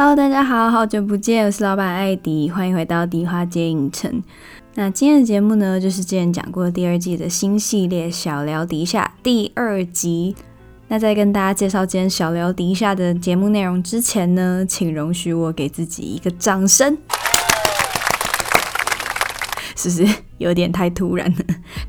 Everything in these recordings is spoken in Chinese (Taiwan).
Hello，大家好，好久不見，我是老闆艾迪，歡迎回到迪話街影城。那今天的節目呢，就是之前講過第二季的新系列小聊迪下第二集。那在跟大家介紹今天小聊迪下的節目內容之前呢，請容許我給自己一個掌聲， 是不是有點太突然了？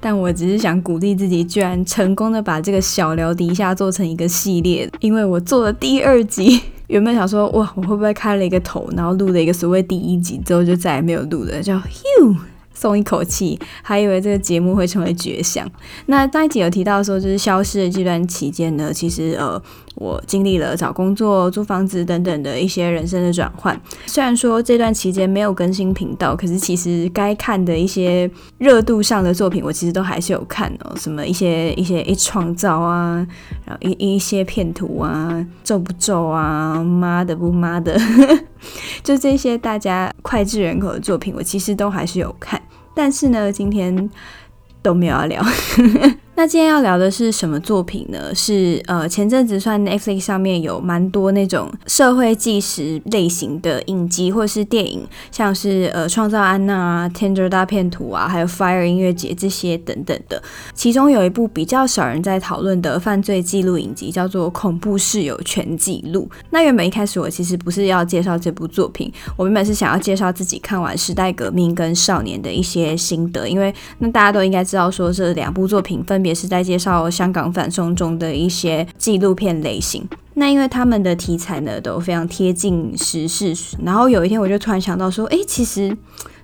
但我只是想鼓勵自己，居然成功的把這個小聊迪下做成一個系列，因為我做了第二集。原本想說，哇，我會不會開了一個頭，然後錄了一個所謂第一集之後，就再也沒有錄的，叫要 o 鬆一口氣，還以為這個節目會成為絕響。那那一集有提到說，就是消失的這段期間呢，其實呃。我經歷了找工作、租房子等等的一些人生的轉換。雖然說這段期間沒有更新頻道，可是其實該看的一些熱度上的作品，我其實都還是有看哦。什麼一些一些一創造啊，然後一一些片圖啊，皺不皺啊，媽的不媽的， 就這些大家膾炙人口的作品，我其實都還是有看。但是呢，今天都沒有要聊。 那今天要聊的是什麼作品呢？是呃前陣子算 Netflix 上面有蠻多那種社會紀實類型的影集或是電影，像是呃創造安娜啊、啊、Tinder 大騙徒啊，還有 Fire 音樂節這些等等的。其中有一部比較少人在討論的犯罪紀錄影集，叫做《恐怖室友全記錄》。那原本一開始我其實不是要介紹這部作品，我原本，本是想要介紹自己看完《時代革命》跟《少年》的一些心得，因為那大家都應該知道說，這兩部作品分別。也是在介紹香港反送中的一些紀錄片類型。那因為他們的題材呢都非常貼近時事，然後有一天我就突然想到說，哎、欸，其實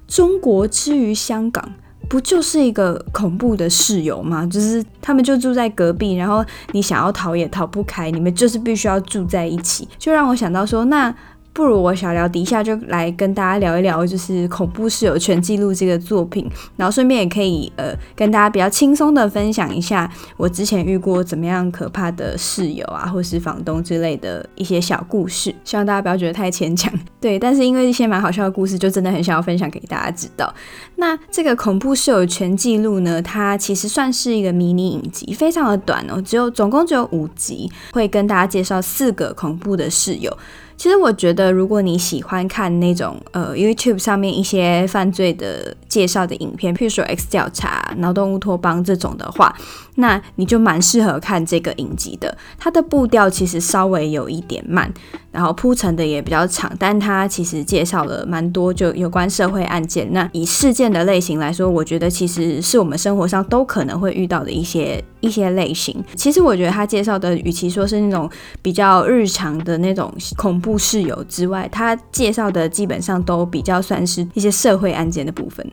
中國之於香港，不就是一個恐怖的室友嗎？就是他們就住在隔壁，然後你想要逃也逃不開，你們就是必須要住在一起，就讓我想到說那。不如我小聊迪下就來跟大家聊一聊，就是恐怖室友全記錄這個作品，然後順便也可以呃跟大家比較輕鬆的分享一下我之前遇過怎麼樣可怕的室友啊，或是房東之類的一些小故事，希望大家不要覺得太牽強。對，但是因為一些蠻好笑的故事，就真的很想要分享給大家知道。那這個恐怖室友全記錄呢，它其實算是一個迷你影集，非常的短哦，只有總共只有五集，會跟大家介紹四個恐怖的室友。其實我覺得，如果你喜歡看那種，呃，YouTube 上面一些犯罪的介紹的影片，譬如說《X 調查》《腦洞烏托邦》這種的話，那你就蠻適合看這個影集的。它的步調其實稍微有一點慢，然後鋪陳的也比較長，但它其實介紹了蠻多就有關社會案件。那以事件的類型來說，我覺得其實是我們生活上都可能會遇到的一些一些類型。其實我覺得他介紹的，與其說是那種比較日常的那種恐怖室友之外，他介紹的基本上都比較算是一些社會案件的部分。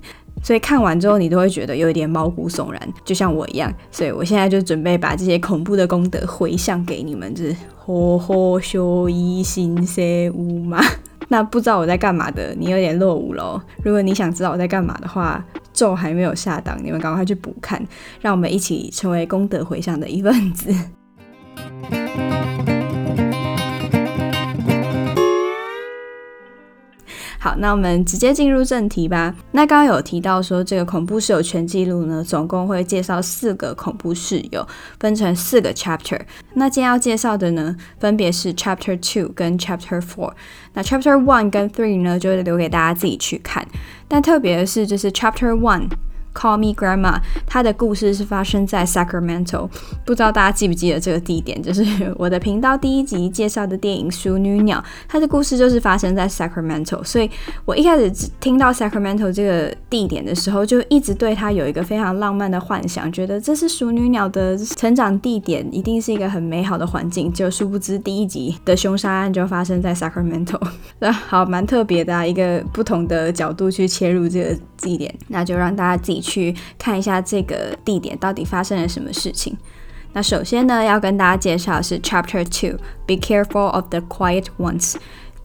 所以看完之後，你都會覺得有一點毛骨悚然，就像我一樣。所以我現在就準備把這些恐怖的功德回向給你們，就是“活活修一心三無嘛。” 那不知道我在幹嘛的，你有點落伍嘍。如果你想知道我在幹嘛的話，咒還沒有下檔，你們趕快去補看，讓我們一起成為功德回向的一份子。 好，那我們直接進入正題吧。那剛剛有提到說這個恐怖室友全記錄呢，總共會介紹四個恐怖室友，分成四個 chapter。那今天要介紹的呢，分別是 chapter two 跟 chapter four。那 chapter one 跟 three 呢，就留給大家自己去看。但特別的是就是 chapter one。Call Me Grandma，她的故事是發生在 Sacramento，不知道大家記不記得這個地點，就是我的頻道第一集介紹的電影《淑女鳥》，它的故事就是發生在 Sacramento，所以我一開始聽到 Sacramento 這個地點的時候，就一直對它有一個非常浪漫的幻想，覺得這是《淑女鳥》的成長地點，一定是一個很美好的環境，就殊不知第一集的凶殺案就發生在 Sacramento，那好，蠻特別的啊，一個不同的角度去切入這個地點，那就讓大家自己，去看一下這個地點到底發生了什麼事情。那首先呢，要跟大家介紹的是 Chapter Two，Be Careful of the Quiet Ones，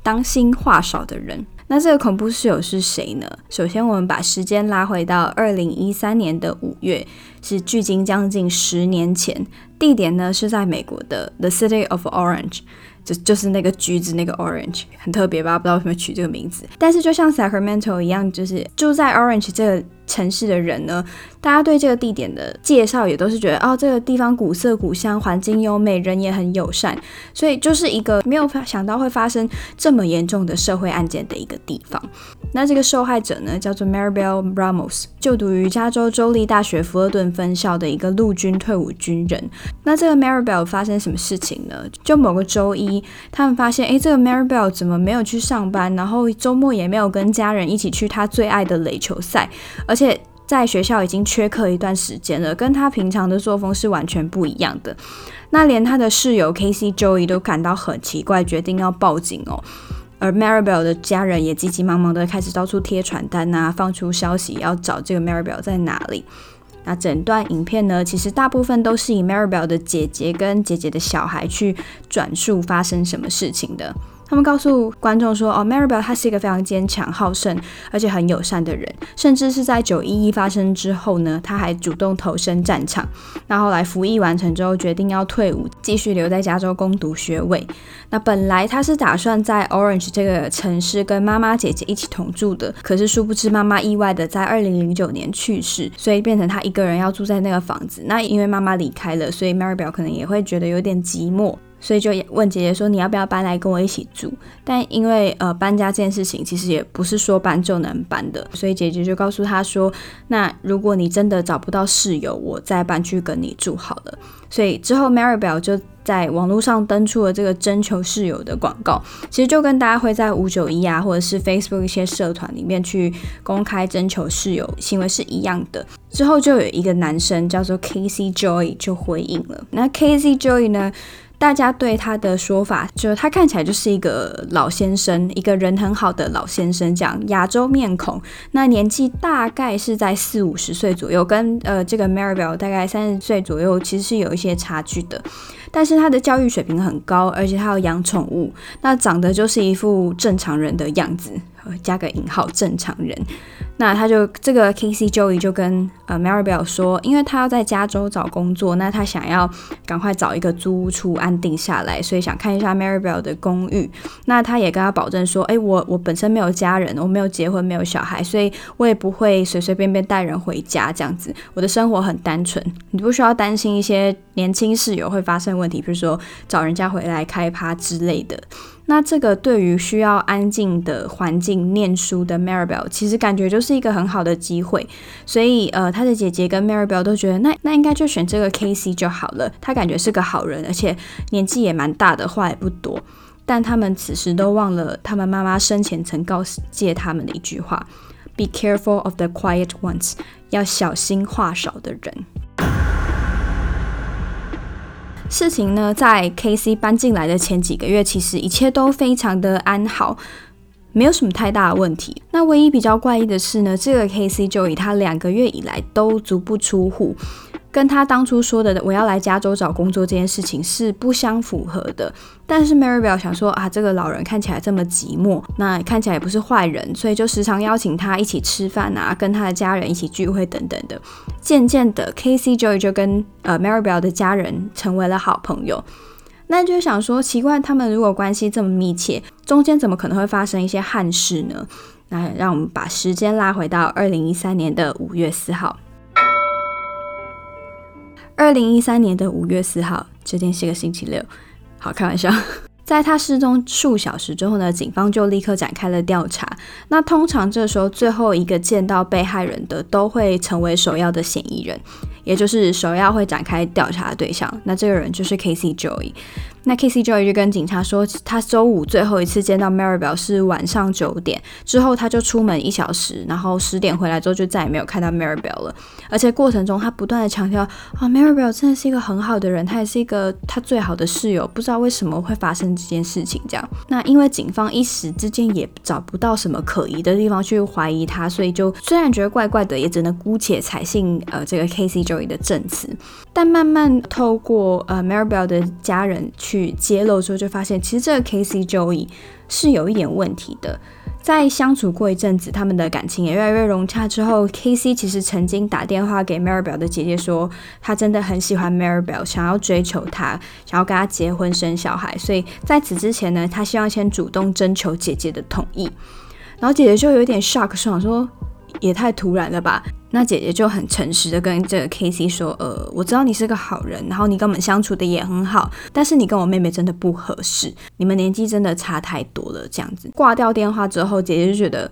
當心話少的人。那這個恐怖室友是誰呢？首先，我們把時間拉回到二零一三年的五月，是距今將近十年前。地點呢是在美國的 The City of Orange，就就是那個橘子那個 Orange，很特別吧？不知道為什麼取這個名字。但是就像 Sacramento 一樣，就是住在 Orange 這個。城市的人呢，大家對這個地點的介紹也都是覺得，哦，這個地方古色古香，環境優美，人也很友善，所以就是一個沒有想到會發生這麼嚴重的社會案件的一個地方。那這個受害者呢，叫做 Maribel Ramos，就讀於加州州立大學佛爾頓分校的一個陸軍退伍軍人。那這個 Maribel 發生什麼事情呢？就某個周一，他們發現，哎，這個 Maribel 怎麼沒有去上班，然後周末也沒有跟家人一起去他最愛的壘球賽，而而且在學校已經缺課一段時間了，跟他平常的作風是完全不一樣的。那連他的室友 Casey Joy 都感到很奇怪，決定要報警哦。而 Maribel 的家人也急急忙忙的開始到處貼傳單啊，放出消息要找這個 Maribel 在哪裡。那整段影片呢，其實大部分都是以 Maribel 的姐姐跟姐姐的小孩去轉述發生什麼事情的。他們告訴觀眾說，哦，Maribel 她是一個非常堅強、好勝，而且很友善的人。甚至是在九一一發生之後呢，她還主動投身戰場。那後來服役完成之後，決定要退伍，繼續留在加州攻讀學位。那本來她是打算在 Orange 這個城市跟媽媽、姐姐一起同住的，可是殊不知媽媽意外的在二零零九年去世，所以變成她一個人要住在那個房子。那因為媽媽離開了，所以 Maribel 可能也會覺得有點寂寞。所以就問姐姐說：“你要不要搬來跟我一起住？”但因為呃，搬家這件事情其實也不是說搬就能搬的，所以姐姐就告訴她說：“那如果你真的找不到室友，我再搬去跟你住好了。”所以之後 Mary 表就在網絡上登出了這個徵求室友的廣告，其實就跟大家會在五九一啊或者是 Facebook 一些社團裡面去公開徵求室友行為是一樣的。之後就有一個男生叫做 Casey Joy 就回應了，那 Casey Joy 呢？大家對他的說法，就他看起來就是一個老先生，一個人很好的老先生，這樣亞洲面孔，那年紀大概是在四五十歲左右，跟呃這個 Maribel 大概三十歲左右，其實是有一些差距的。但是他的教育水平很高，而且他要養寵物，那長得就是一副正常人的樣子，加個引號，正常人。那他就這個 K.C. Joey 就跟呃 Maribel 說，因為他要在加州找工作，那他想要趕快找一個租屋處安定下來，所以想看一下 Maribel 的公寓。那他也跟他保證說，哎、欸，我我本身沒有家人，我沒有結婚，沒有小孩，所以我也不會隨隨便便帶人回家這樣子。我的生活很單純，你不需要擔心一些年輕室友會發生問題，比如說找人家回來開趴之類的。那這個對於需要安靜的環境念書的 Maribel，其實感覺就是一個很好的機會。所以，呃，他的姐姐跟 Maribel 都覺得，那那應該就選這個 Casey 就好了。他感覺是個好人，而且年紀也蠻大的，話也不多。但他們此時都忘了，他們媽媽生前曾告誡他們的一句話：Be careful of the quiet ones，要小心話少的人。事情呢，在 K C 搬進來的前幾個月，其實一切都非常的安好，沒有什麼太大的問題。那唯一比較怪異的是呢，這個 K C 就以他兩個月以來都足不出戶。跟他當初說的我要來加州找工作這件事情是不相符合的，但是 Mary Bell 想說啊，這個老人看起來這麼寂寞，那看起來也不是壞人，所以就時常邀請他一起吃飯啊，跟他的家人一起聚會等等的。漸漸的，Casey Joy 就跟呃 Mary Bell 的家人成為了好朋友。那就想說，奇怪，他們如果關係這麼密切，中間怎麼可能會發生一些憾事呢？那讓我們把時間拉回到二零一三年的五月四號。二零一三年的五月四號，這天是個星期六。好，開玩笑， 在他失蹤數小時之後呢，警方就立刻展開了調查。那通常這時候最後一個見到被害人的都會成為首要的嫌疑人，也就是首要會展開調查的對象。那這個人就是 Casey Joey。那 Casey Joy 就跟警察說，他週五最後一次見到 Maribel 是晚上九點，之後他就出門一小時，然後十點回來之後就再也沒有看到 Maribel 了。而且過程中他不斷的強調啊，Maribel 真的是一個很好的人，他也是一個他最好的室友。不知道為什麼會發生這件事情這樣。那因為警方一時之間也找不到什麼可疑的地方去懷疑他，所以就雖然覺得怪怪的，也只能姑且採信呃這個 Casey Joy 的證詞。但慢慢透過呃 Maribel 的家人去。去揭露之後，就發現其實這個 KC Joey 是有一點問題的。在相處過一陣子，他們的感情也越來越融洽之後，KC 其實曾經打電話給 Maribel 的姐姐說，他真的很喜歡 Maribel，想要追求她，想要跟她結婚生小孩，所以在此之前呢，他希望先主動徵求姐姐的同意。然後姐姐就有點 shock，想說也太突然了吧。”那姐姐就很誠實的跟這個 KC 說，呃，我知道你是個好人，然後你跟我們相處的也很好，但是你跟我妹妹真的不合適，你們年紀真的差太多了。這樣子掛掉電話之後，姐姐就覺得。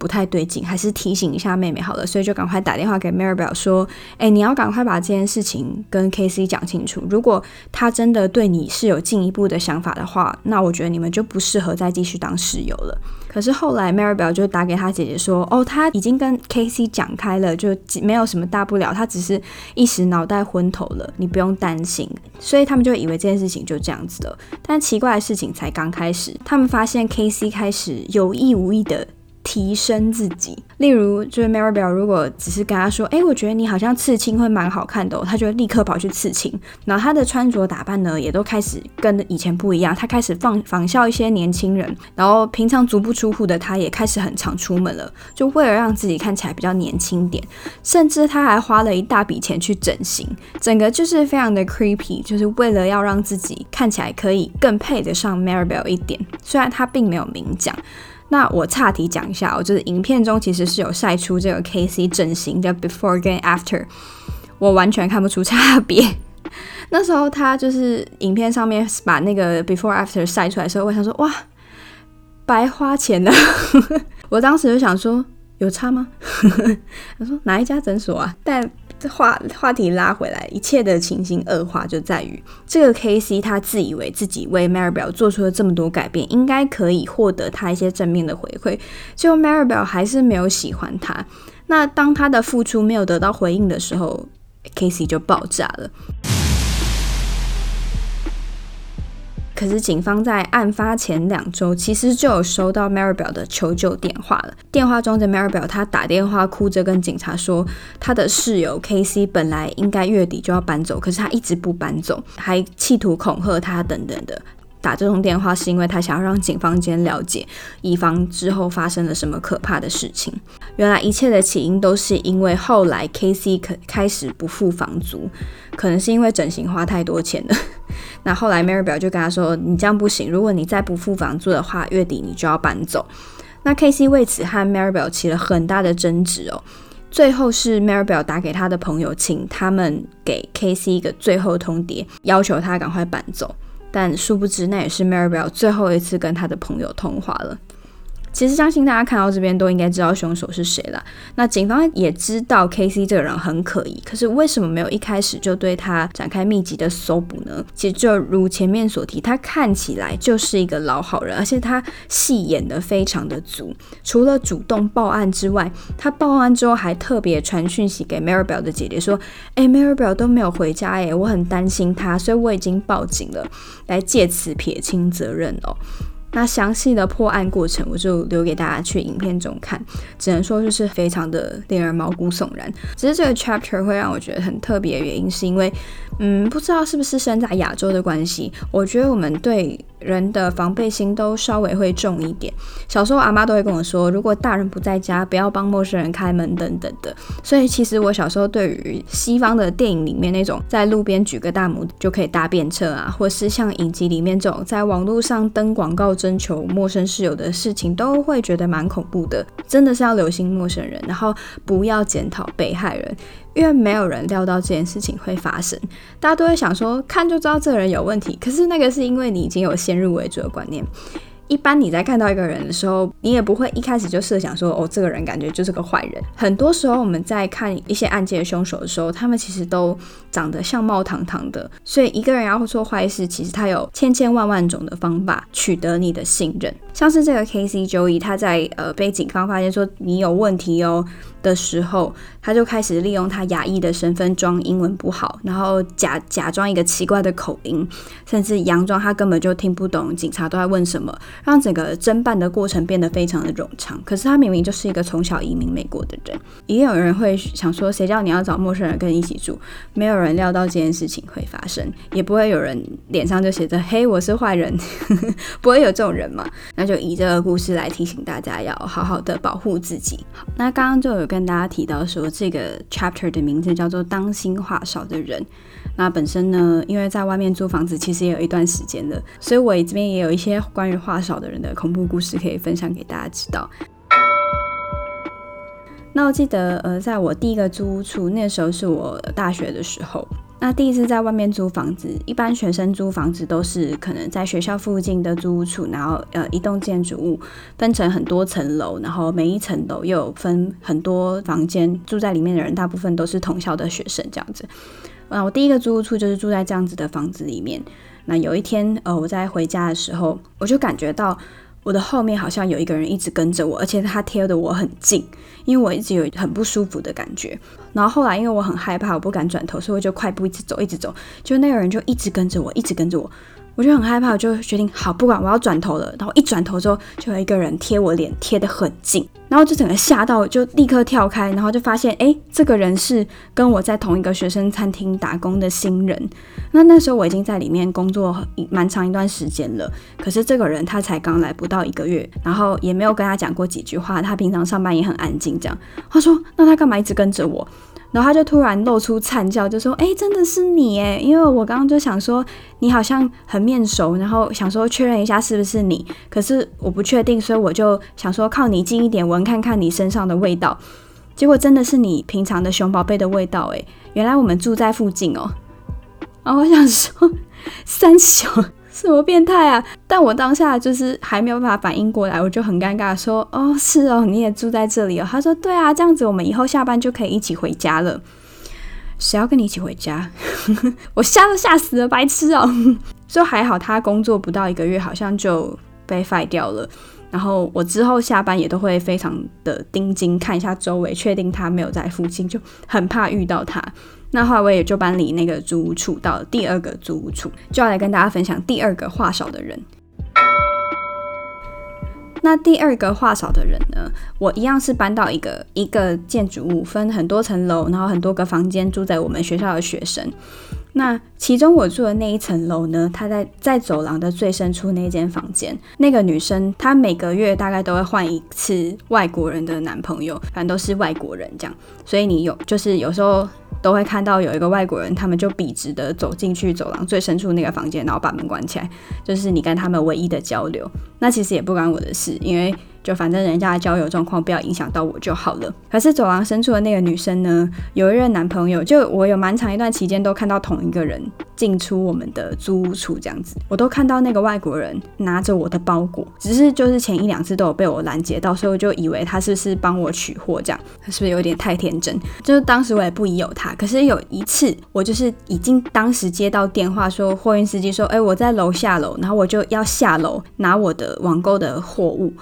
不太對勁，還是提醒一下妹妹好了。所以就趕快打電話給 Mary Bell 說：“哎、欸，你要趕快把這件事情跟 KC 講清楚。如果他真的對你是有進一步的想法的話，那我覺得你們就不適合再繼續當室友了。”可是後來 Mary Bell 就打給他姐姐說：“哦，他已經跟 KC 講開了，就沒有什麼大不了，他只是一時腦袋昏頭了，你不用擔心。”所以他們就以為這件事情就這樣子了。但奇怪的事情才剛開始，他們發現 KC 開始有意無意的。提升自己，例如就是 Maribel 如果只是跟他說，哎、欸，我覺得你好像刺青會蠻好看的，哦，他就會立刻跑去刺青，然後他的穿着打扮呢，也都開始跟以前不一樣，他開始仿仿效一些年輕人，然後平常足不出戶的他也開始很常出門了，就為了讓自己看起來比較年輕點，甚至他還花了一大筆錢去整形，整個就是非常的 creepy，就是為了要讓自己看起來可以更配得上 Maribel 一點，雖然他並沒有明講。那我岔題講一下哦，就是影片中其實是有曬出這個 KC 整形的 Before 跟 After，我完全看不出差別。那時候他就是影片上面把那個 Before After 曬出來的時候，我想說哇，白花錢了。 我當時就想說，有差嗎？他 說哪一家診所啊？但這話話題拉回來，一切的情形惡化就在於這個 Casey，他自以為自己為 Maribel 做出了這麼多改變，應該可以獲得他一些正面的回饋。結果 Maribel 還是沒有喜歡他。那當他的付出沒有得到回應的時候，Casey 就爆炸了。可是，警方在案發前兩週，其實就有收到 Mary 表的求救電話了。電話中，的 Mary 表她打電話哭着跟警察說，她的室友 K C 本來應該月底就要搬走，可是她一直不搬走，還企圖恐嚇她等等的。打這通電話是因為他想要讓警方先了解，以防之後發生了什麼可怕的事情。原來一切的起因都是因為後來 K C 可開始不付房租，可能是因為整形花太多錢了。 那後來 Mary Bell 就跟他說：“你這樣不行，如果你再不付房租的話，月底你就要搬走。”那 K C 為此和 Mary Bell 起了很大的爭執哦。最後是 Mary Bell 打給他的朋友，請他們給 K C 一個最後通牒，要求他趕快搬走。但殊不知，那也是 Mary Bell 最後一次跟他的朋友通話了。其實相信大家看到這邊都應該知道兇手是誰了。那警方也知道 KC 這個人很可疑，可是為什麼沒有一開始就對他展開密集的搜捕呢？其實就如前面所提，他看起來就是一個老好人，而且他戲演得非常的足。除了主動報案之外，他報案之後還特別傳訊息給 Maribel 的姐姐說：“哎，Maribel 都沒有回家，哎，我很擔心她，所以我已經報警了，來借此撇清責任哦。”那詳細的破案過程，我就留給大家去影片中看。只能說就是非常的令人毛骨悚然。只是這個 chapter 會讓我覺得很特別的原因，是因為，嗯，不知道是不是生在亞洲的關係，我覺得我們對人的防備心都稍微會重一點。小時候，阿媽都會跟我說，如果大人不在家，不要幫陌生人開門等等的。所以，其實我小時候對於西方的電影裡面那種在路邊舉個大拇指就可以搭便車啊，或是像影集裡面這種在網絡上登廣告徵求陌生室友的事情，都會覺得蠻恐怖的。真的是要留心陌生人，然後不要檢討被害人。因為沒有人料到這件事情會發生，大家都會想說，看就知道這個人有問題。可是那個是因為你已經有先入為主的觀念。一般你在看到一個人的時候，你也不會一開始就設想說，哦，這個人感覺就是個壞人。很多時候我們在看一些案件的凶手的時候，他們其實都長得相貌堂堂的。所以一個人要做壞事，其實他有千千萬萬種的方法取得你的信任。像是這個 case，Joey 他在呃被警方發現說你有問題哦。的時候，他就開始利用他亞裔的身份裝英文不好，然後假假裝一個奇怪的口音，甚至佯裝他根本就聽不懂警察都在問什麼，讓整個偵辦的過程變得非常的冗長。可是他明明就是一個從小移民美國的人，也有人會想說，誰叫你要找陌生人跟你一起住？沒有人料到這件事情會發生，也不會有人臉上就寫着“嘿，我是壞人”， 不會有這種人嘛？那就以這個故事來提醒大家，要好好的保護自己。好，那剛剛就有。跟大家提到說，這個 chapter 的名字叫做“當心話少的人”。那本身呢，因為在外面租房子其實也有一段時間了，所以我這邊也有一些關於話少的人的恐怖故事可以分享給大家知道。那我記得，呃，在我第一個租屋處，那時候是我大學的時候。那第一次在外面租房子，一般學生租房子都是可能在學校附近的租屋處，然後呃一棟建築物分成很多層樓，然後每一層樓又有分很多房間，住在裡面的人大部分都是同校的學生這樣子。啊，我第一個租屋處就是住在這樣子的房子裡面。那有一天，呃，我在回家的時候，我就感覺到。我的後面好像有一個人一直跟着我，而且他貼得我很近，因為我一直有很不舒服的感覺。然後後來因為我很害怕，我不敢轉頭，所以我就快步一直走，一直走，就那個人就一直跟着我，一直跟着我。我就很害怕，我就決定好不管，我要轉頭了。然後一轉頭之後，就有一個人貼我臉，貼得很近，然後就整個嚇到，就立刻跳開。然後就發現，哎、欸，這個人是跟我在同一個學生餐廳打工的新人。那那時候我已經在裡面工作蠻長一段時間了，可是這個人他才剛來不到一個月，然後也沒有跟他講過幾句話。他平常上班也很安靜，這樣。他說，那他幹嘛一直跟着我？然後他就突然露出慘叫，就說：“哎、欸，真的是你哎！因為我剛剛就想說你好像很面熟，然後想說確認一下是不是你，可是我不確定，所以我就想說靠你近一點聞看看你身上的味道。結果真的是你平常的熊寶貝的味道哎！原來我們住在附近哦。啊，我想說三熊。”什麼變態啊！但我當下就是還沒有辦法反應過來，我就很尷尬說：“哦，是哦，你也住在這裡哦。”他說：“對啊，這樣子我們以後下班就可以一起回家了。”誰要跟你一起回家？ 我嚇都嚇死了，白痴哦！所 以還好，他工作不到一個月，好像就被 fire 掉了。然後我之後下班也都會非常的盯緊看一下周圍，確定他沒有在附近，就很怕遇到他。那後來我也就搬離那個租屋處，到第二個租屋處，就要來跟大家分享第二個話少的人。那第二個話少的人呢，我一樣是搬到一個一個建築物，分很多層樓，然後很多個房間，住在我們學校的學生。那其中我住的那一層樓呢，他在在走廊的最深處那間房間。那個女生她每個月大概都會換一次外國人的男朋友，反正都是外國人這樣。所以你有就是有時候都會看到有一個外國人，他們就筆直的走進去走廊最深處那個房間，然後把門關起來，就是你跟他們唯一的交流。那其實也不關我的事，因為。就反正人家的交友狀況不要影響到我就好了。可是走廊深處的那個女生呢，有一任男朋友，就我有蠻長一段期間都看到同一個人進出我們的租屋處，這樣子，我都看到那個外國人拿着我的包裹，只是就是前一兩次都有被我攔截到，所以我就以為他是不是幫我取貨這樣，是不是有點太天真？就是當時我也不疑有他。可是有一次，我就是已經當時接到電話說，貨運司機說，哎、欸，我在樓下樓，然後我就要下樓拿我的網購的貨物。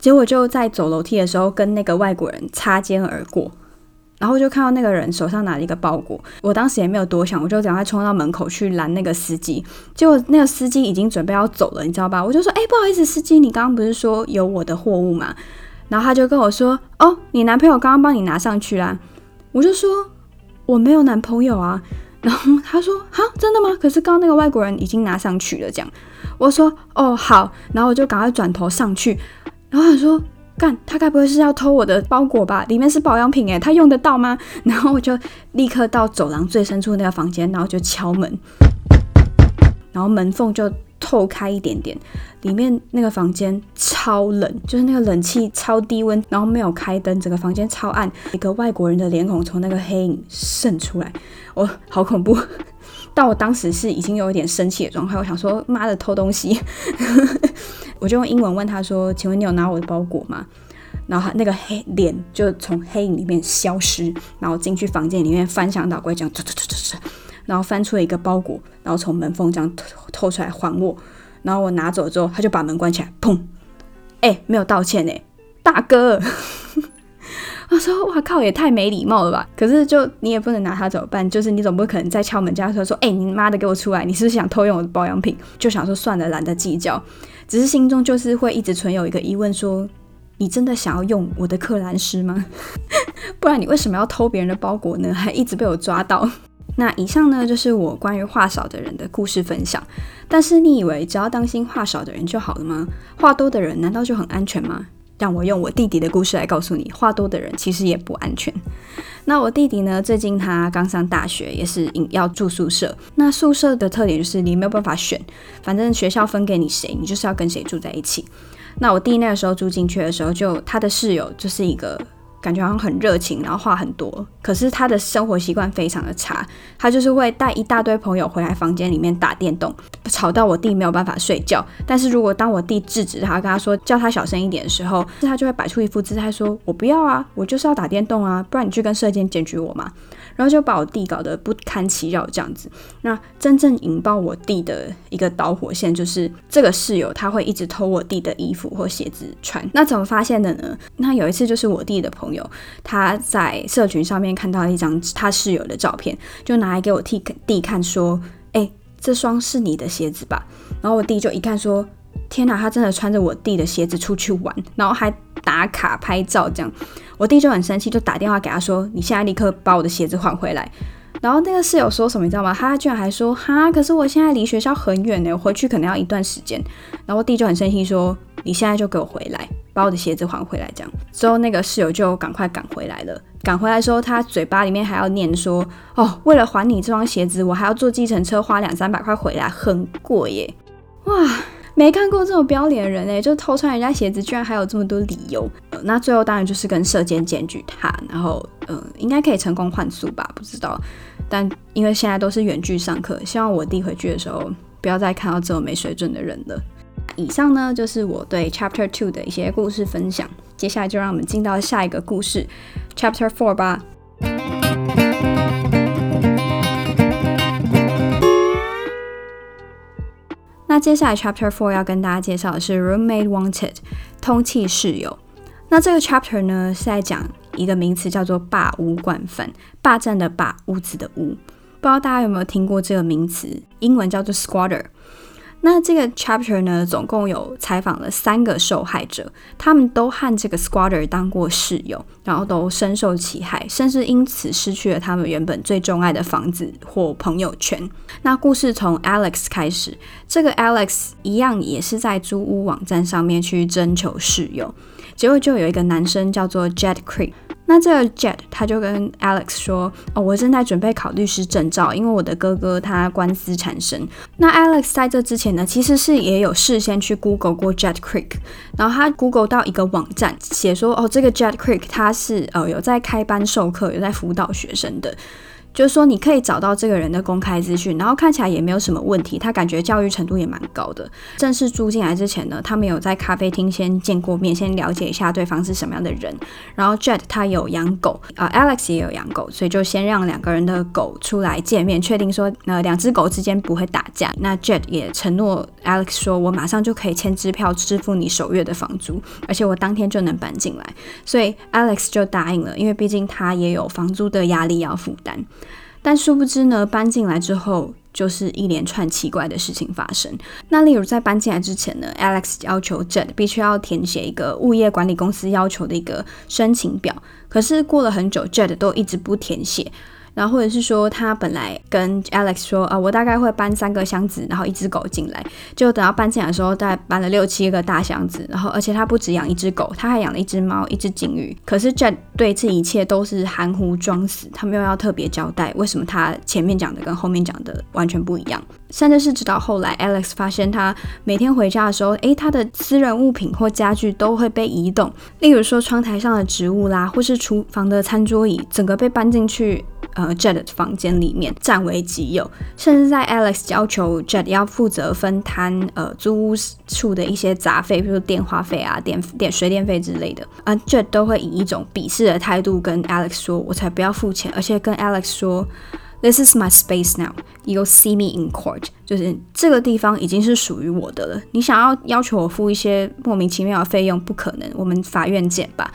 結果就在走樓梯的時候，跟那個外國人擦肩而過，然後就看到那個人手上拿了一個包裹。我當時也沒有多想，我就趕快衝到門口去攔那個司機。結果那個司機已經準備要走了，你知道吧？我就說：“欸，不好意思，司機，你剛剛不是說有我的貨物嗎？”然後他就跟我說：“哦，你男朋友剛剛幫你拿上去啦。”我就說：“我沒有男朋友啊。”然後他說：“哈，真的嗎？可是剛剛那個外國人已經拿上去了，這樣。”我說：“哦，好。”然後我就趕快轉頭上去。然後他說：“幹，他該不會是要偷我的包裹吧？裡面是保養品，誒，他用得到嗎？”然後我就立刻到走廊最深處的那個房間，然後就敲門，然後門縫就透開一點點，裡面那個房間超冷，就是那個冷氣超低溫，然後沒有開燈，整個房間超暗，一個外國人的臉孔從那個黑影滲出來，我、哦、好恐怖！那我當時是已經有一點生氣的狀態，我想說，媽的偷東西， 我就用英文問他說：“請問你有拿我的包裹嗎？”然後他那個黑臉就從黑影裡面消失，然後進去房間裡面翻箱倒櫃這樣咚咚咚咚咚，然後翻出了一個包裹，然後從門縫這樣偷出來還我，然後我拿走了之後，他就把門關起來，砰！哎，沒有道歉呢，大哥。我說：“哇靠，也太沒禮貌了吧！”可是就你也不能拿他怎麼辦？就是你總不可能在敲門家的時候說：“哎、欸，你媽的給我出來！你是不是想偷用我的保養品？”就想說算了，懶得計較，只是心中就是會一直存有一個疑問說：說你真的想要用我的克蘭詩嗎？ 不然你為什麼要偷別人的包裹呢？還一直被我抓到。那以上呢，就是我關於話少的人的故事分享。但是你以為只要當心話少的人就好了嗎？話多的人難道就很安全嗎？讓我用我弟弟的故事來告訴你，話多的人其實也不安全。那我弟弟呢？最近他剛上大學，也是要住宿舍。那宿舍的特點就是你沒有辦法選，反正學校分給你誰，你就是要跟誰住在一起。那我弟那個時候住進去的時候就，就他的室友就是一個。感覺好像很熱情，然後話很多，可是他的生活習慣非常的差。他就是會帶一大堆朋友回來房間裡面打電動，吵到我弟沒有辦法睡覺。但是如果當我弟制止他，跟他說叫他小聲一點的時候，那他就會擺出一副姿態說：“我不要啊，我就是要打電動啊，不然你去跟舍監檢舉我嘛。”然後就把我弟搞得不堪其擾這樣子。那真正引爆我弟的一個導火線，就是這個室友他會一直偷我弟的衣服或鞋子穿。那怎麼發現的呢？那有一次就是我弟的朋友他在社群上面看到一張他室友的照片，就拿來給我弟看，說：“哎，這雙是你的鞋子吧？”然後我弟就一看說。天哪，他真的穿着我弟的鞋子出去玩，然後還打卡拍照這樣，我弟就很生氣，就打電話給他說：“你現在立刻把我的鞋子還回來。”然後那個室友說什麼你知道嗎？他居然還說：“哈，可是我現在離學校很遠呢，回去可能要一段時間。”然後我弟就很生氣說：“你現在就給我回來，把我的鞋子還回來這樣。”之後那個室友就趕快趕回來了，趕回來說他嘴巴裡面還要念說：“哦，為了還你這雙鞋子，我還要坐計程車花兩三百塊回來，很貴耶，哇。”沒看過這種不要臉的人呢、欸，就偷穿人家鞋子，居然還有這麼多理由。呃、那最後當然就是跟舍監檢舉他，然後嗯、呃，應該可以成功換宿吧？不知道。但因為現在都是遠距上課，希望我弟回去的時候不要再看到這種沒水準的人了。以上呢，就是我對 Chapter Two 的一些故事分享，接下來就讓我們進到下一個故事 Chapter Four 吧。那接下來 Chapter Four 要跟大家介紹的是 Roommate Wanted，通氣室友。那這個 Chapter 呢，是在講一個名詞叫做霸屋慣犯，霸占的霸，屋子的屋。不知道大家有沒有聽過這個名詞？英文叫做 Squatter。那這個 chapter 呢，總共有採訪了三個受害者，他們都和這個 squatter 當過室友，然後都深受其害，甚至因此失去了他們原本最鍾愛的房子或朋友圈。那故事從 Alex 開始，這個 Alex 一樣也是在租屋網站上面去徵求室友。結果就有一個男生叫做 Jet Creek，那這個 Jet 他就跟 Alex 說：“哦，我正在準備考律師證照，因為我的哥哥他官司纏身。”那 Alex 在這之前呢，其實是也有事先去 Google 過 Jet Creek，然後他 Google 到一個網站，寫說：“哦，這個 Jet Creek 他是、呃、有在開班授課，有在輔導學生的。”就是說，你可以找到這個人的公開資訊，然後看起來也沒有什麼問題。他感覺教育程度也蠻高的。正式租進來之前呢，他們有在咖啡廳先見過面，先了解一下對方是什麼樣的人。然後 Jet 他有養狗，啊，Alex 也有養狗，所以就先讓兩個人的狗出來見面，確定說，呃，兩隻狗之間不會打架。那 Jet 也承諾 Alex 說，我馬上就可以簽支票支付你首月的房租，而且我當天就能搬進來，所以 Alex 就答應了，因為畢竟他也有房租的壓力要負擔。但殊不知呢，搬進來之後就是一連串奇怪的事情發生。那例如在搬進來之前呢，Alex 要求 Jed 必須要填寫一個物業管理公司要求的一個申請表，可是過了很久，Jed 都一直不填寫。然後，或者是說，他本來跟 Alex 說啊，我大概會搬三個箱子，然後一隻狗進來，就等到搬進來的時候，大概搬了六七個大箱子，然後，而且他不止養一隻狗，他還養了一隻貓，一隻金魚。可是 Jack 對這一切都是含糊裝死，他沒有要特別交代，為什麼他前面講的跟後面講的完全不一樣。甚至是直到後來，Alex 發現他每天回家的時候，誒，他的私人物品或家具都會被移動。例如說，窗台上的植物啦，或是廚房的餐桌椅，整個被搬進去呃 Jet 的房間裡面，占為己有。甚至在 Alex 要求 Jet 要負責分攤呃租屋處的一些雜費，比如電話費啊、電電水電費之類的，呃 Jet 都會以一種鄙視的態度跟 Alex 說：“我才不要付錢。”而且跟 Alex 說。This is my space now. You'll see me in court，就是這個地方已經是屬於我的了。你想要要求我付一些莫名其妙的費用，不可能。我們法院見吧。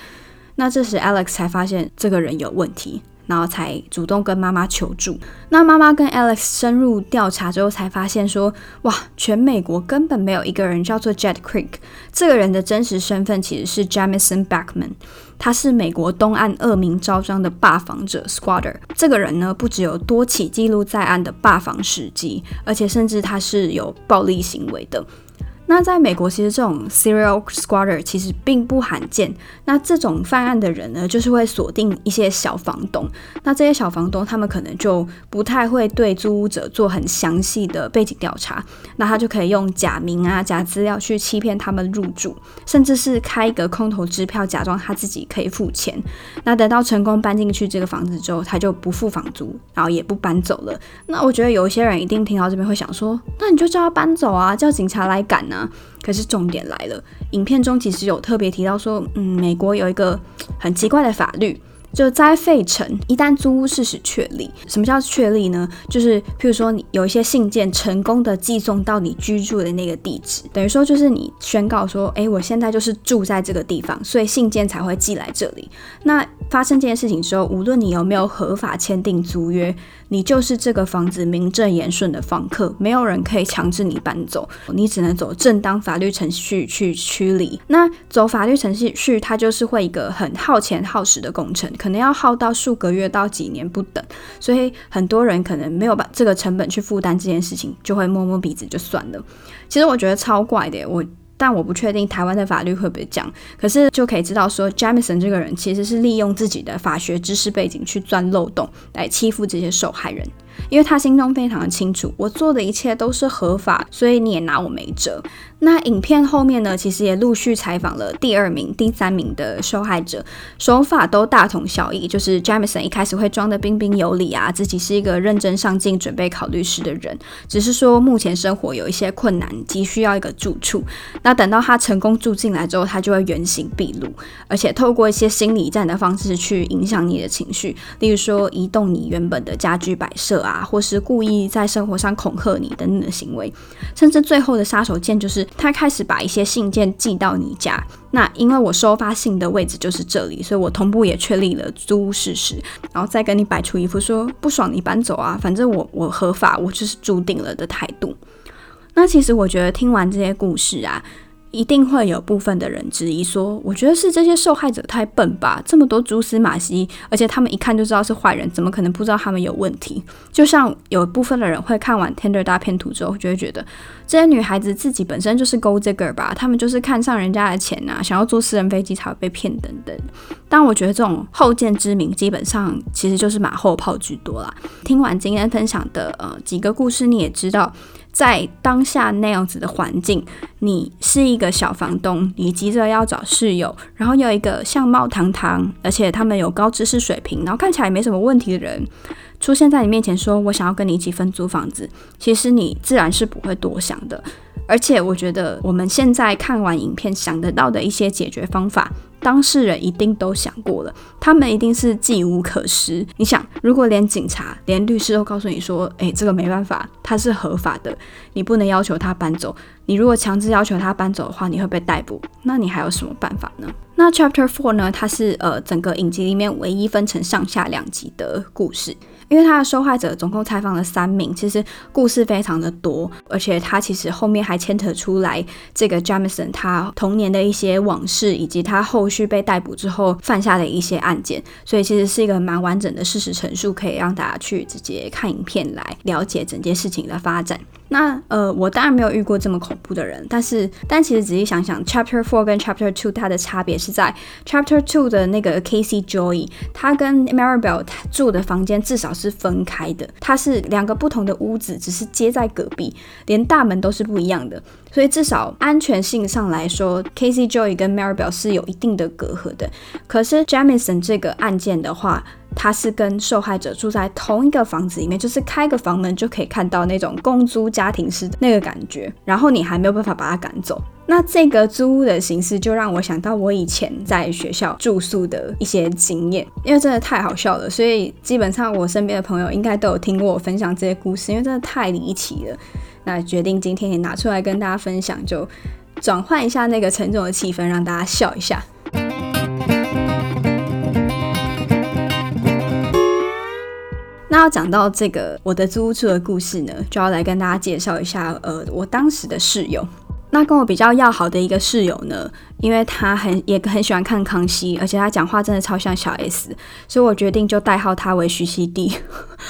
那這時 Alex 才發現這個人有問題，然後才主動跟媽媽求助。那媽媽跟 Alex 深入調查之後，才發現說，哇，全美國根本沒有一個人叫做 Jet Creek。這個人的真實身份其實是 Jamison Bachman。他是美國東岸惡名昭彰的霸房者 （squatter）。這個人呢，不只有多起記錄在案的霸房事蹟，而且甚至他是有暴力行為的。那在美國，其實這種 serial squatter 其實並不罕見。那這種犯案的人呢，就是會鎖定一些小房東。那這些小房東，他們可能就不太會對租屋者做很詳細的背景調查。那他就可以用假名啊、假資料去欺騙他們入住，甚至是開一個空頭支票，假裝他自己可以付錢。那等到成功搬進去這個房子之後，他就不付房租，然後也不搬走了。那我覺得有一些人一定聽到這邊會想說：“那你就叫他搬走啊，叫警察來趕呢、啊。”可是重點來了，影片中其實有特別提到說，嗯，美國有一個很奇怪的法律。就在費城，一旦租屋事實確立，什麼叫確立呢？就是譬如說你有一些信件成功的寄送到你居住的那個地址，等於說就是你宣告說，哎、欸，我現在就是住在這個地方，所以信件才會寄來這裡。那發生這件事情之後，無論你有沒有合法簽訂租約，你就是這個房子名正言順的房客，沒有人可以強制你搬走，你只能走正當法律程序去驅離。那走法律程序去，它就是會一個很耗錢耗時的工程。可能要耗到數個月到幾年不等，所以很多人可能沒有把這個成本去負擔這件事情，就會摸摸鼻子就算了。其實我覺得超怪的，我但我不確定台灣的法律會不會講。可是就可以知道說，Jamison 這個人其實是利用自己的法學知識背景去鑽漏洞來欺負這些受害人。因為他心中非常的清楚，我做的一切都是合法，所以你也拿我沒轍。那影片後面呢，其實也陸續採訪了第二名、第三名的受害者，手法都大同小異。就是 Jamison 一開始會裝得彬彬有禮啊，自己是一個認真上進、準備考律師的人，只是說目前生活有一些困難，急需要一個住處。那等到他成功住進來之後，他就會原形畢露，而且透過一些心理戰的方式去影響你的情緒，例如說移動你原本的家居擺設啊。啊，或是故意在生活上恐嚇你等等的行為，甚至最後的殺手鐧就是他開始把一些信件寄到你家。那因為我收發信的位置就是這裡，所以我同步也確立了租事實，然後再跟你擺出一副說不爽你搬走啊，反正我我合法，我就是注定了的態度。那其實我覺得聽完這些故事啊。一定會有部分的人質疑說：“我覺得是這些受害者太笨吧？這麼多蛛絲馬跡，而且他們一看就知道是壞人，怎麼可能不知道他們有問題？”就像有部分的人會看完《Tinder》大騙徒之後，我就會覺得這些女孩子自己本身就是 gold digger 吧，他們就是看上人家的錢啊，想要坐私人飛機才會被騙等等。但我覺得這種後見之明，基本上其實就是馬後炮居多啦。聽完今天分享的呃幾個故事，你也知道。在當下那樣子的環境，你是一個小房東，你急着要找室友，然後有一個相貌堂堂，而且他們有高知識水平，然後看起來沒什麼問題的人出現在你面前說，說我想要跟你一起分租房子，其實你自然是不會多想的。而且我覺得我們現在看完影片，想得到的一些解決方法，當事人一定都想過了，他們一定是計無可施。你想，如果連警察、連律師都告訴你說，誒，這個沒辦法，它是合法的，你不能要求他搬走，你如果強制要求他搬走的話，你會被逮捕，那你還有什麼辦法呢？那 Chapter Four 呢？它是呃整個影集裡面唯一分成上下兩集的故事。因為他的受害者總共採訪了三名，其實故事非常的多，而且他其實後面還牽扯出來這個 Jamison 他童年的一些往事，以及他後續被逮捕之後犯下的一些案件，所以其實是一個蠻完整的事實陳述，可以讓大家去直接看影片來了解整件事情的發展。那呃，我當然沒有遇過這麼恐怖的人，但是但其實仔細想想，Chapter Four 跟 Chapter Two 它的差別是在 Chapter Two 的那個 Casey Joy，他跟 Maribel 住的房間至少是分開的，他是兩個不同的屋子，只是接在隔壁，連大門都是不一樣的，所以至少安全性上來說，Casey Joy 跟 Maribel 是有一定的隔閡的。可是 Jamison 這個案件的話，他是跟受害者住在同一個房子裡面，就是開個房門就可以看到那種，公租家庭式的那個感覺，然後你還沒有辦法把他趕走。那這個租屋的形式就讓我想到我以前在學校住宿的一些經驗，因為真的太好笑了，所以基本上我身邊的朋友應該都有聽過我分享這些故事，因為真的太離奇了。那決定今天也拿出來跟大家分享，就轉換一下那個沉重的氣氛，讓大家笑一下。那要講到這個我的租屋處的故事呢，就要來跟大家介紹一下，呃，我當時的室友。那跟我比較要好的一個室友呢。因為他很也很喜歡看康熙，而且他講話真的超像小 S，所以我決定就代號他為徐熙娣。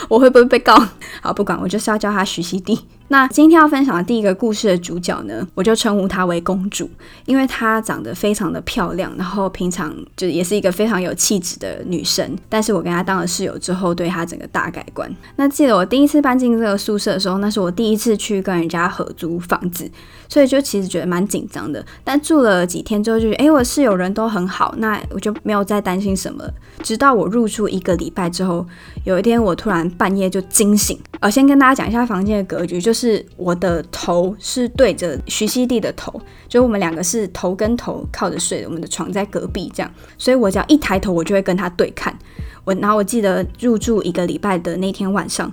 我會不會被告？好，不管，我就是要叫他徐熙娣。那今天要分享的第一個故事的主角呢，我就稱呼她為公主，因為她長得非常的漂亮，然後平常就也是一個非常有氣質的女生。但是我跟她當了室友之後，對她整個大改觀。那記得我第一次搬進這個宿舍的時候，那是我第一次去跟人家合租房子，所以就其實覺得蠻緊張的，但住了幾天。之後就覺得，哎、欸，我室友人都很好，那我就沒有再擔心什麼。直到我入住一個禮拜之後，有一天我突然半夜就驚醒。呃、啊，先跟大家講一下房間的格局，就是我的頭是對着徐熙娣的頭，就是我們兩個是頭跟頭靠着睡的，我們的床在隔壁這樣。所以我只要一抬頭，我就會跟他對看。我，然後我記得入住一個禮拜的那天晚上，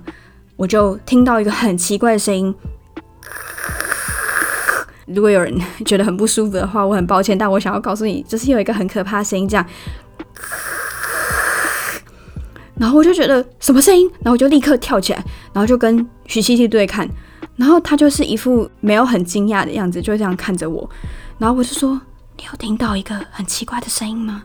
我就聽到一個很奇怪的聲音。如果有人覺得很不舒服的話，我很抱歉。但我想要告訴你，就是有一個很可怕的聲音，這樣，然後我就覺得什麼聲音，然後我就立刻跳起來，然後就跟徐熙娣對看，然後他就是一副沒有很驚訝的樣子，就這樣看着我，然後我就說：“你有聽到一個很奇怪的聲音嗎？”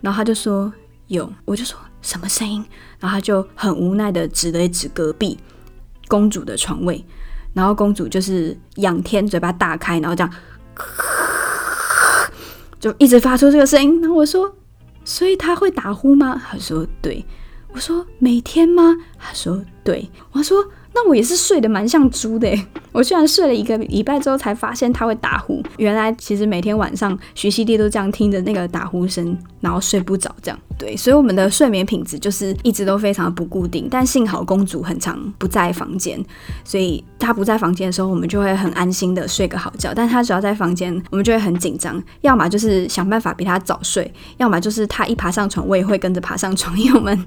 然後他就說：“有。”我就說什麼聲音？然後他就很無奈的指了一指隔壁公主的床位。然後公主就是仰天，嘴巴打開，然後這樣，就一直發出這個聲音。然後我說：“所以他會打呼嗎？”他說：“對。”我說：“每天嗎？”他說：“對。”我說：“那我也是睡得蠻像豬的。”我居然睡了一個禮拜之後才發現他會打呼。原來其實每天晚上徐熙娣都這樣聽着那個打呼聲，然後睡不着這樣。對，所以我們的睡眠品質就是一直都非常不固定，但幸好公主很常不在房間，所以她不在房間的時候，我們就會很安心的睡個好覺。但她只要在房間，我們就會很緊張，要麼就是想辦法比她早睡，要麼就是她一爬上床，我也會跟着爬上床，因為我們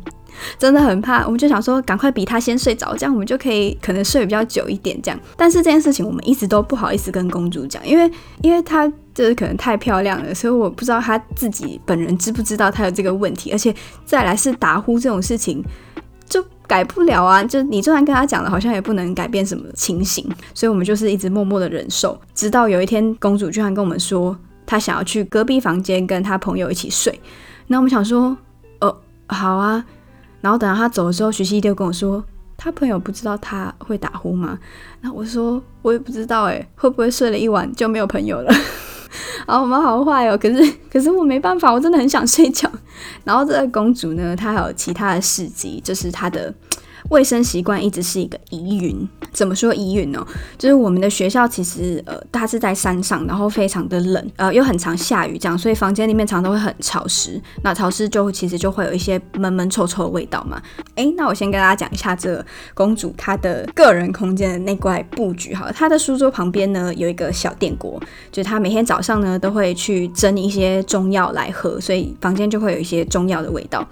真的很怕，我們就想說趕快比她先睡着，這樣我們就可以可能睡比較久一點。這樣，但是這件事情我們一直都不好意思跟公主講，因為因為她。就是可能太漂亮了，所以我不知道他自己本人知不知道他有這個問題，而且再來是打呼這種事情就改不了啊！就你就算跟他講了，好像也不能改變什麼情形，所以我們就是一直默默的忍受，直到有一天公主居然跟我們說她想要去隔壁房間跟她朋友一起睡，那我們想說哦、呃、好啊，然後等到她走的時候，徐熙就跟我說他朋友不知道他會打呼嗎？那我說我也不知道哎、欸，會不會睡了一晚就沒有朋友了？啊，我們好壞哦！可是，可是我沒辦法，我真的很想睡覺。然後，這個公主呢，她還有其他的事蹟，就是她的，衛生習慣一直是一個疑雲。怎麼說疑雲呢、哦？就是我們的學校其實呃，它是在山上，然後非常的冷，呃，又很常下雨，這樣，所以房間裡面常常會很潮濕。那潮濕就其實就會有一些悶悶臭臭的味道嘛。誒，那我先跟大家講一下這公主她的個人空間的那塊布局哈。她的書桌旁邊呢有一個小電鍋，就她每天早上呢都會去蒸一些中藥來喝，所以房間就會有一些中藥的味道。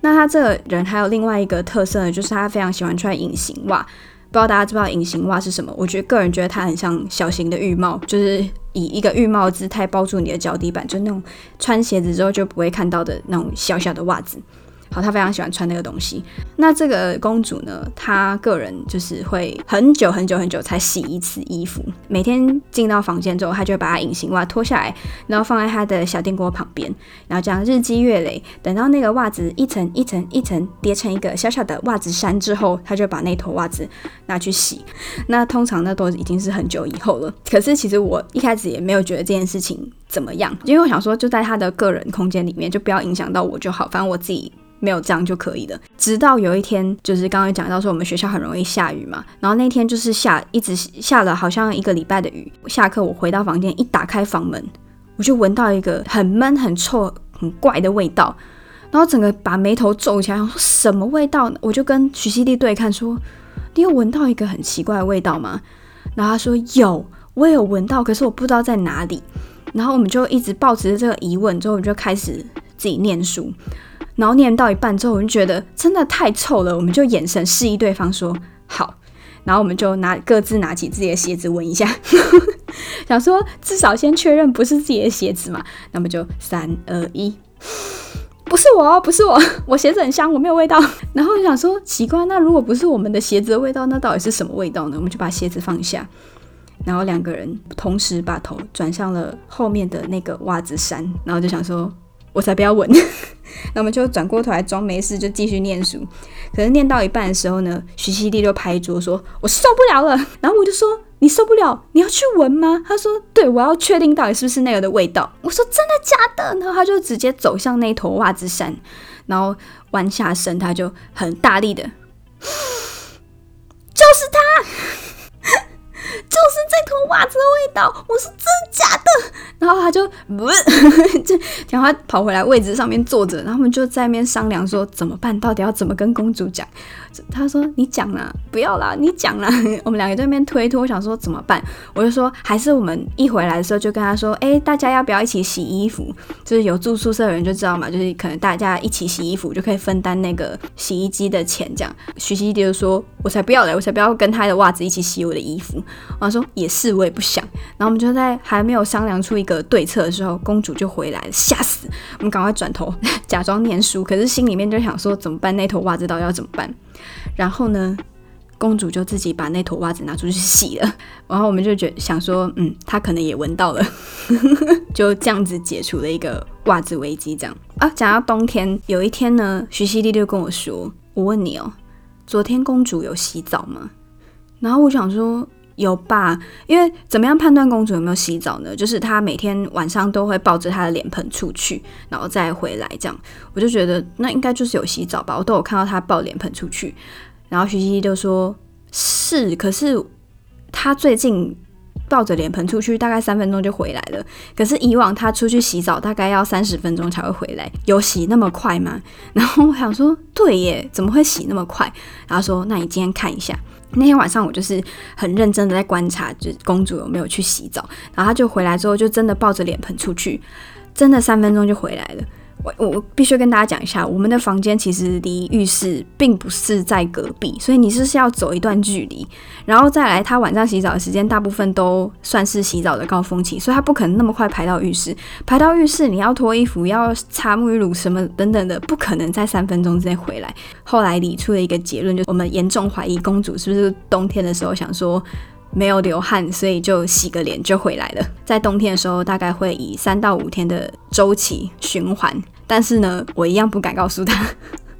那他這個人還有另外一個特色呢，就是他非常喜歡穿隱形襪。不知道大家知不知道隱形襪是什麼？我覺得個人覺得它很像小型的浴帽，就是以一個浴帽姿態包住你的腳底板，就那種穿鞋子之後就不會看到的那種小小的襪子。好，她非常喜歡穿那個東西。那這個公主呢，她個人就是會很久很久很久才洗一次衣服。每天進到房間之後，她就會把她隱形襪脫下來，然後放在她的小電鍋旁邊，然後這樣日積月累，等到那個襪子一層一層一層疊成一個小小的襪子山之後，她就把那坨襪子拿去洗。那通常那都已經是很久以後了。可是其實我一開始也沒有覺得這件事情怎麼樣，因為我想說就在她的個人空間裡面，就不要影響到我就好，反正我自己。沒有這樣就可以了。直到有一天，就是剛剛講到說我們學校很容易下雨嘛，然後那天就是下一直下了好像一個禮拜的雨。下課我回到房間，一打開房門，我就聞到一個很悶、很臭、很怪的味道，然後整個把眉頭皺起來，我說什麼味道呢？我就跟徐熙娣對看說，說你有聞到一個很奇怪的味道嗎？然後他說有，我也有聞到，可是我不知道在哪裡。然後我們就一直抱持着這個疑問，之後我們就開始自己念書。然後念到一半之後，我就覺得真的太臭了，我們就眼神示意對方說好，然後我們就拿各自拿起自己的鞋子聞一下， 想說至少先確認不是自己的鞋子嘛。那麼就三二一，不是我不是我，我鞋子很香，我沒有味道。然後就想說奇怪，那如果不是我們的鞋子的味道，那到底是什麼味道呢？我們就把鞋子放一下，然後兩個人同時把頭轉向了後面的那個襪子山，然後就想說。我才不要聞，那 我們就轉過頭來裝沒事，就繼續念書。可是念到一半的時候呢，徐熙娣就拍桌說：“我受不了了。”然後我就說：“你受不了，你要去聞嗎？”他說：“對，我要確定到底是不是那個的味道。”我說：“真的假的？”然後他就直接走向那一頭襪子山，然後彎下身，他就很大力的， 就是他。 襪子的味道，我是真假的。然後他就不、呃，就然後他跑回來位置上面坐着，然後我們就在那邊商量說怎麼辦，到底要怎麼跟公主講。他說你講啦，不要啦，你講啦。我們兩個在那邊推脫，我想說怎麼辦，我就說還是我們一回來的時候就跟他說，哎，大家要不要一起洗衣服？就是有住宿舍的人就知道嘛，就是可能大家一起洗衣服就可以分擔那個洗衣機的錢這樣。徐熙娣就說我才不要嘞，我才不要跟他的襪子一起洗我的衣服。我說也是。我也不想，然後我們就在還沒有商量出一個對策的時候，公主就回來了，嚇死！我們趕快轉頭假裝念書，可是心裡面就想說怎麼辦？那坨襪子到底要怎麼辦？然後呢，公主就自己把那坨襪子拿出去洗了，然後我們就覺得想說，嗯，她可能也聞到了， 就這樣子解除了一個襪子危機。這樣啊，講到冬天，有一天呢，徐熙娣就跟我說，我問你哦，昨天公主有洗澡嗎？然後我想說。有吧？因為怎麼樣判斷公主有沒有洗澡呢？就是她每天晚上都會抱着她的臉盆出去，然後再回來這樣。我就覺得那應該就是有洗澡吧。我都有看到她抱臉盆出去。然後徐熙熙就說：“是，可是她最近抱着臉盆出去，大概三分鐘就回來了。可是以往她出去洗澡大概要三十分鐘才會回來，有洗那麼快嗎？”然後我想說：“對耶，怎麼會洗那麼快？”然後說：“那你今天看一下。”那天晚上我就是很認真的在觀察，就是公主有沒有去洗澡，然後她就回來之後就真的抱着臉盆出去，真的三分鐘就回來了。我我必須跟大家講一下，我們的房間其實離浴室並不是在隔壁，所以你是，是要走一段距離，然後再來。他晚上洗澡的時間大部分都算是洗澡的高峰期，所以他不可能那麼快排到浴室。排到浴室，你要脫衣服，要擦沐浴乳，什麼等等的，不可能在三分鐘之內回來。後來理出了一個結論，就是，我們嚴重懷疑公主是不是冬天的時候想說，沒有流汗，所以就洗個臉就回來了。在冬天的時候，大概會以三到五天的週期循環。但是呢，我一樣不敢告訴他。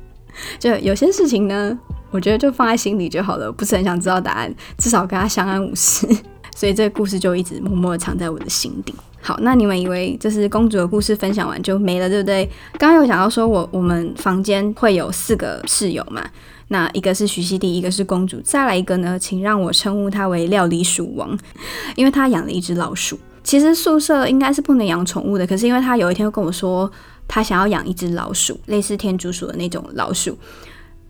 就有些事情呢，我覺得就放在心裡就好了，不是很想知道答案，至少跟他相安無事。所以這個故事就一直默默地藏在我的心底。好，那你們以為這是公主的故事，分享完就沒了，對不對？剛剛有想要說我我們房間會有四個室友嘛？那一個是徐熙娣，一個是公主，再來一個呢？請讓我稱呼他為料理鼠王，因為他養了一隻老鼠。其實宿舍應該是不能養寵物的，可是因為他有一天跟我說，他想要養一隻老鼠，類似天竺鼠的那種老鼠。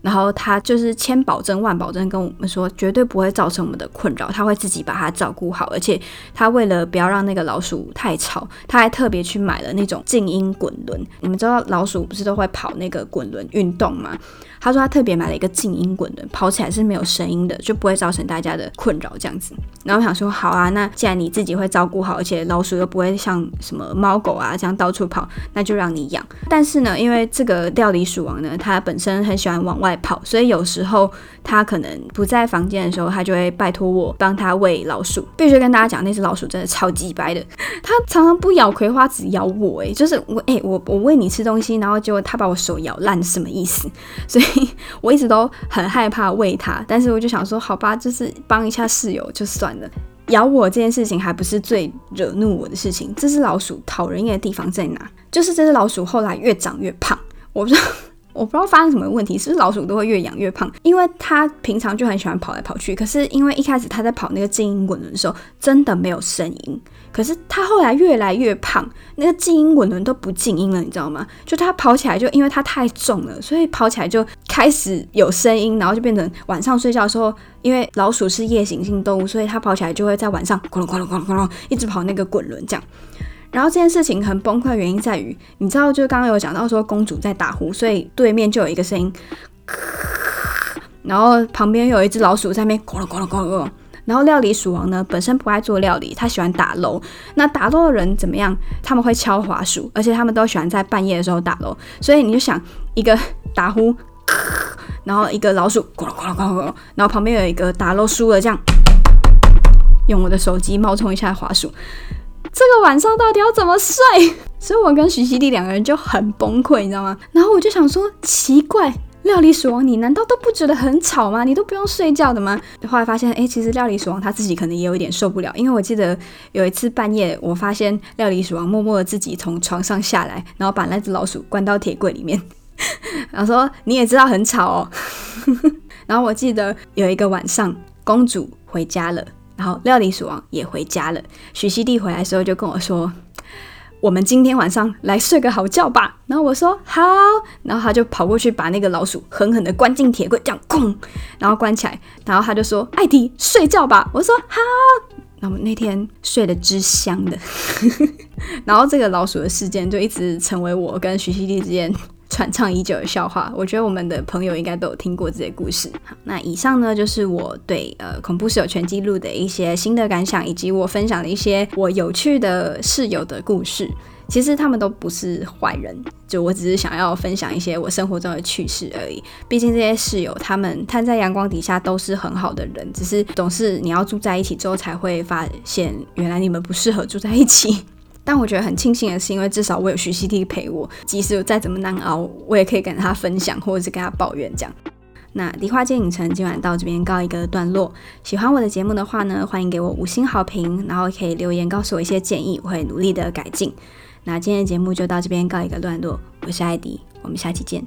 然後他就是千保證萬保證跟我們說絕對不會造成我們的困擾，他會自己把它照顧好，而且他為了不要讓那個老鼠太吵，他還特別去買了那種靜音滾輪。你們知道老鼠不是都會跑那個滾輪運動嗎？他說他特別買了一個靜音滾輪，跑起來是沒有聲音的，就不會造成大家的困擾這樣子。然後我想說好啊，那既然你自己會照顧好，而且老鼠又不會像什麼貓狗啊這樣到處跑，那就讓你養。但是呢，因為這個料理鼠王呢，他本身很喜歡往外。在跑，所以有時候他可能不在房間的時候，他就會拜托我幫他餵老鼠。必須跟大家講，那隻老鼠真的超級白的，他常常不咬葵花籽，只咬我。哎，就是我哎，我我餵你吃東西，然後結果他把我手咬爛，什麼意思？所以我一直都很害怕餵他。但是我就想說，好吧，就是幫一下室友就算了。咬我這件事情還不是最惹怒我的事情。這隻老鼠討人厭的地方在哪？就是這隻老鼠後來越長越胖，我。我不知道發生什麼問題，是不是老鼠都會越養越胖？因為它平常就很喜歡跑來跑去。可是因為一開始它在跑那個靜音滾輪的時候，真的沒有聲音。可是它後來越來越胖，那個靜音滾輪都不靜音了，你知道嗎？就它跑起來，就因為它太重了，所以跑起來就開始有聲音，然後就變成晚上睡覺的時候，因為老鼠是夜行性動物，所以它跑起來就會在晚上咕隆咕隆咕隆咕隆一直跑那個滾輪這樣。然後這件事情很崩潰的原因在於，你知道，就是剛剛有講到說公主在打呼，所以對面就有一個聲音，然後旁邊有一隻老鼠在那邊咯咯咯了呱，然後料理鼠王呢，本身不愛做料理，他喜歡打樓。那打樓的人怎麼樣？他們會敲滑鼠，而且他們都喜歡在半夜的時候打樓。所以你就想，一個打呼，然後一個老鼠咯咯咯咯呱了，然後旁邊有一個打樓輸了這樣，用我的手機冒充一下滑鼠。這個晚上到底要怎麼睡？ 所以我跟徐熙娣兩個人就很崩潰，你知道嗎？然後我就想說，奇怪，料理鼠王，你難道都不覺得很吵嗎？你都不用睡覺的嗎？後來發現，哎，其實料理鼠王他自己可能也有一點受不了，因為我記得有一次半夜，我發現料理鼠王默默的自己從床上下來，然後把那隻老鼠關到鐵櫃裡面，然後說你也知道很吵哦。 然後我記得有一個晚上，公主回家了。然後料理鼠王也回家了。徐熙娣回來的時候就跟我說：“我們今天晚上來睡個好覺吧。”然後我說：“好。”然後他就跑過去把那個老鼠狠狠地關進鐵櫃，這樣然後關起來。然後他就說：“艾迪，睡覺吧。”我說：“好。”然後我們那天睡得之香的。 然後這個老鼠的事件就一直成為我跟徐熙娣之間。傳唱已久的笑話，我覺得我們的朋友應該都有聽過這些故事。好，那以上呢，就是我對呃恐怖室友全記錄的一些新的感想，以及我分享的一些我有趣的室友的故事。其實他們都不是壞人，就我只是想要分享一些我生活中的趣事而已。畢竟這些室友他們攤在陽光底下都是很好的人，只是總是你要住在一起之後才會發現，原來你們不適合住在一起。但我覺得很慶幸的是，因為至少我有徐熙娣陪我，即使我再怎麼難熬，我也可以跟他分享，或者是跟他抱怨這樣。那《迪話街影城》今晚到這邊告一個段落。喜歡我的節目的話呢，歡迎給我五星好評，然後可以留言告訴我一些建議，我會努力的改進。那今天的節目就到這邊告一個段落，我是艾迪，我們下期見。